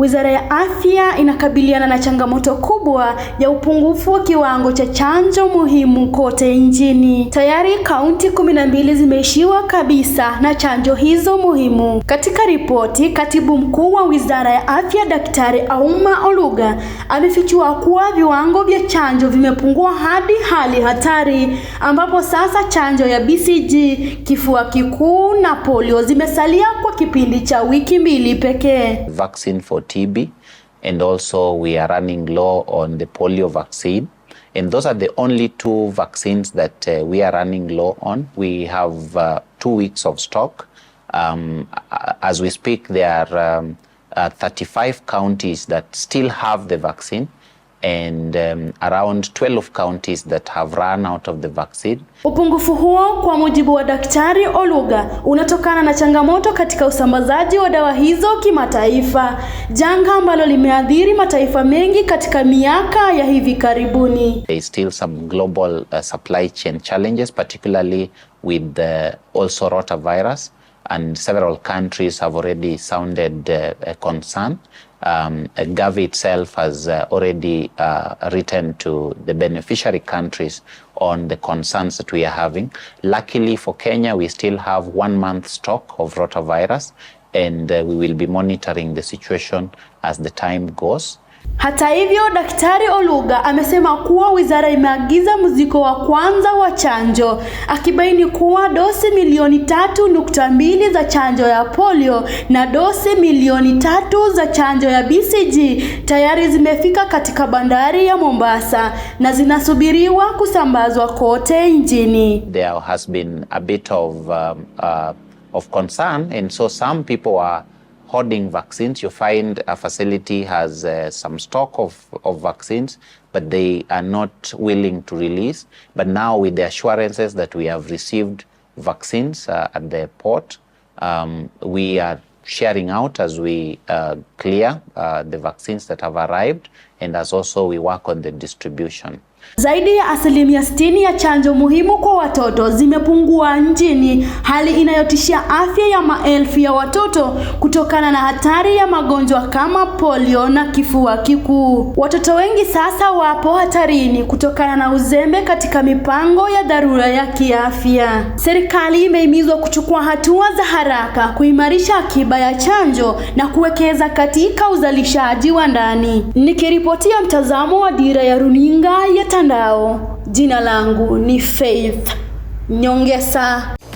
Wizara ya Afya inakabiliana na changamoto kubwa ya upungufu wa kiwango cha chanjo muhimu kote nchini. Tayari kaunti 12 mbili zimeishiwa kabisa na chanjo hizo muhimu. Katika ripoti, Katibu Mkuu wa Wizara ya Afya Daktari Auma Oluga amefichua kuwa viwango vya chanjo vimepungua hadi hali hatari ambapo sasa chanjo ya BCG, kifua kikuu na polio zimesalia kwa kipindi cha wiki mbili pekee. Vaccine for TB, and also we are running low on the polio vaccine. And those are the only two vaccines that uh, we are running low on. We have uh, two weeks of stock. Um, as we speak, there are um, uh, 35 counties that still have the vaccine and um, around 12 counties that have run out of the vaccine. Upungufu huo kwa mujibu wa Daktari Oluga unatokana na changamoto katika usambazaji wa dawa hizo kimataifa, janga ambalo limeathiri mataifa mengi katika miaka ya hivi karibuni. There is still some global uh, supply chain challenges particularly with the also rotavirus and several countries have already sounded uh, concern um, Gavi itself has uh, already uh, written to the beneficiary countries on the concerns that we are having. Luckily for Kenya, we still have one month stock of rotavirus, and uh, we will be monitoring the situation as the time goes. Hata hivyo, Daktari Oluga amesema kuwa wizara imeagiza mzigo wa kwanza wa chanjo, akibaini kuwa dosi milioni tatu nukta mbili za chanjo ya polio na dosi milioni tatu za chanjo ya BCG tayari zimefika katika bandari ya Mombasa na zinasubiriwa kusambazwa kote nchini. There has been a bit of, um, uh, of concern and so some people are hoarding vaccines. You find a facility has uh, some stock of, of vaccines, but they are not willing to release. But now, with the assurances that we have received vaccines uh, at the port, um, we are sharing out as we uh, clear uh, the vaccines that have arrived, and as also we work on the distribution. Zaidi ya asilimia 60 ya chanjo muhimu kwa watoto zimepungua nchini, hali inayotishia afya ya maelfu ya watoto kutokana na hatari ya magonjwa kama polio na kifua kikuu. Watoto wengi sasa wapo hatarini kutokana na uzembe katika mipango ya dharura ya kiafya. Serikali imehimizwa kuchukua hatua za haraka kuimarisha akiba ya chanjo na kuwekeza katika uzalishaji wa ndani. Nikiripotia mtazamo wa Dira ya Runinga ya mitandao. Jina langu ni Faith Nyongesa.